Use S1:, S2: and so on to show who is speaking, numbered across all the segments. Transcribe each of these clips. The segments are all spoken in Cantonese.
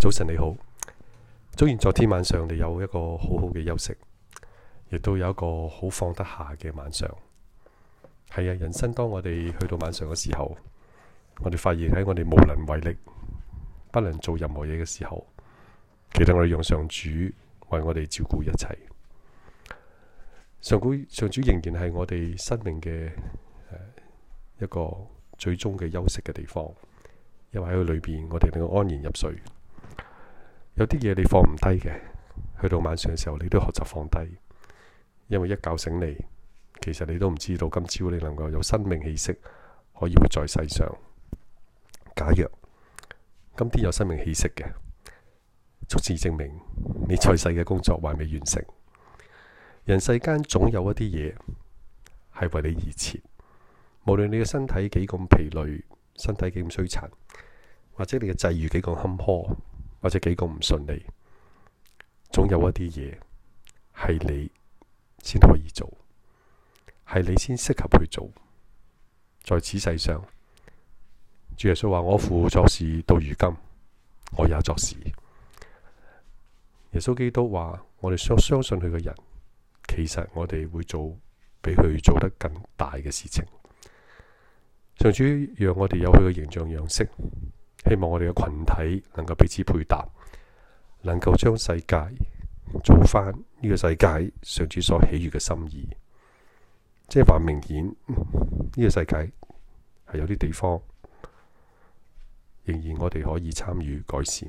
S1: 早晨你好。祝願昨天晚上你有一個好好嘅休息，亦都有一個好放得下嘅晚上。係啊，人生當我哋去到晚上嘅時候，我哋發現喺我哋無能為力、不能做任何嘢嘅時候，期待我哋用上主為我哋照顧一切。上古上主仍然係我哋生命嘅、呃、一個最終嘅休息嘅地方。因為喺佢裏邊，我哋能夠安然入睡。有啲嘢你放唔低嘅，去到晚上嘅時候，你都學習放低。因為一覺醒嚟，其實你都唔知道今朝你能夠有生命氣息，可以活在世上。假若今天有生命氣息嘅，足資證明你在世嘅工作還未完成。人世間總有一啲嘢係為你而設，無論你嘅身體幾咁疲累。身體幾咁衰殘，或者你嘅際遇幾咁坎坷，或者幾咁唔順利，總有一啲嘢係你先可以做，係你先適合去做。在此世上，主耶穌話：我父作事到如今，我也作事。耶穌基督話：我哋相相信佢嘅人，其實我哋會做比佢做得更大嘅事情。上主讓我哋有佢嘅形象樣式，希望我哋嘅群體能夠彼此配搭，能夠將世界做翻呢個世界上主所喜悅嘅心意。即係話明顯呢、嗯這個世界係有啲地方仍然我哋可以參與改善，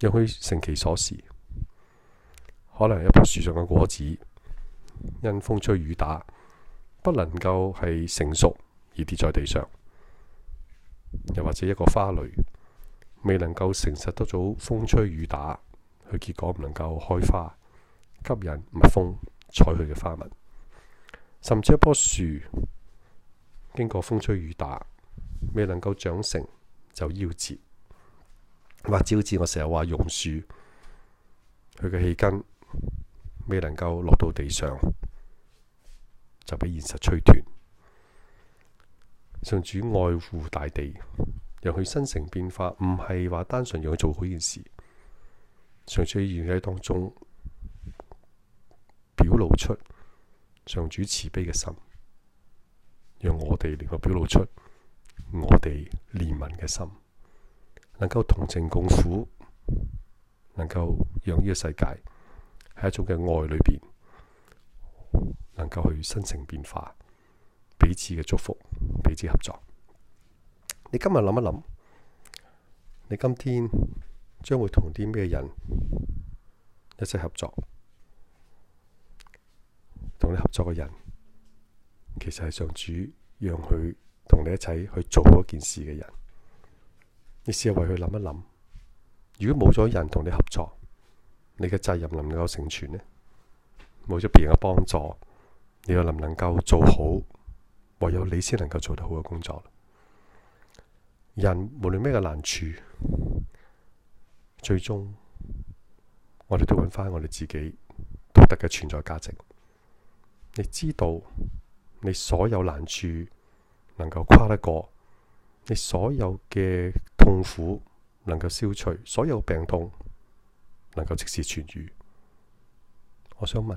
S1: 讓佢成其所事。可能一棵樹上嘅果子因風吹雨打不能夠係成熟。而跌在地上，又或者一個花蕾未能夠承受得到風吹雨打，佢結果唔能夠開花，吸引蜜蜂採佢嘅花蜜。甚至一棵樹經過風吹雨打，未能夠長成就夭折。或者好似我成日話榕樹，佢嘅氣根未能夠落到地上，就俾現實吹斷。上主愛護大地，讓佢生成變化，唔係話單純要去做好件事。上主願喺當中表露出上主慈悲嘅心，讓我哋能夠表露出我哋憐憫嘅心，能夠同情共苦，能夠讓呢個世界係一種嘅愛裏邊，能夠去生成變化。彼此嘅祝福，彼此合作。你今日諗一諗，你今天將會同啲咩人一齊合作？同你合作嘅人其實係上主讓佢同你一齊去做好一件事嘅人。你試下為佢諗一諗，如果冇咗人同你合作，你嘅責任能唔能夠成全呢？冇咗別人嘅幫助，你又能唔能夠做好？唯有你先能夠做到好嘅工作。人無論咩嘅難處，最終我哋都揾翻我哋自己獨特嘅存在價值。你知道，你所有難處能夠跨得過，你所有嘅痛苦能夠消除，所有病痛能夠即時痊癒。我想問，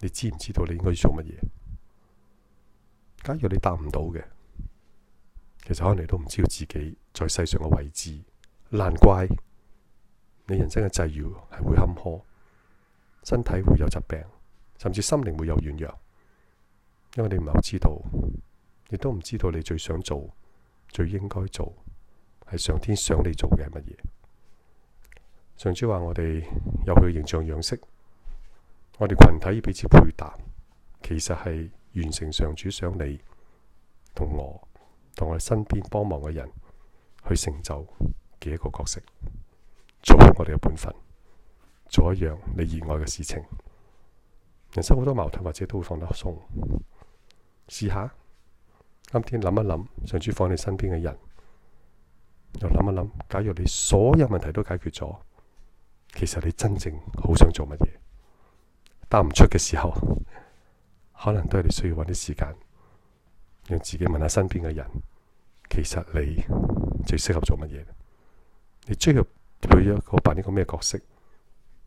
S1: 你知唔知道你應該要做乜嘢？假如你答唔到嘅，其實可能你都唔知道自己在世上嘅位置，難怪你人生嘅際遇係會坎坷，身體會有疾病，甚至心靈會有軟弱，因為你唔係好知道，亦都唔知道你最想做、最應該做，係上天想你做嘅係乜嘢。上次話我哋有佢嘅形象樣式，我哋群體彼此配搭，其實係。完成上主想你同我同我哋身邊幫忙嘅人去成就嘅一個角色，做好我哋嘅本分，做一樣你熱愛嘅事情。人生好多矛盾，或者都會放得鬆。試下今天諗一諗，上主放你身邊嘅人，又諗一諗，假如你所有問題都解決咗，其實你真正好想做乜嘢？答唔出嘅時候。可能都係你需要揾啲時間，讓自己問下身邊嘅人，其實你最適合做乜嘢？你追求去一個扮一個咩角色？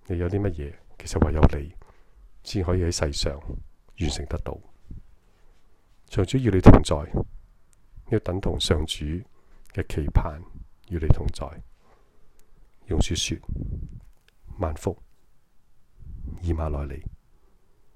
S1: 你有啲乜嘢？其實唯有你先可以喺世上完成得到。上主與你同在，要等同上主嘅期盼與你同在。用雪雪，萬福，以馬內利。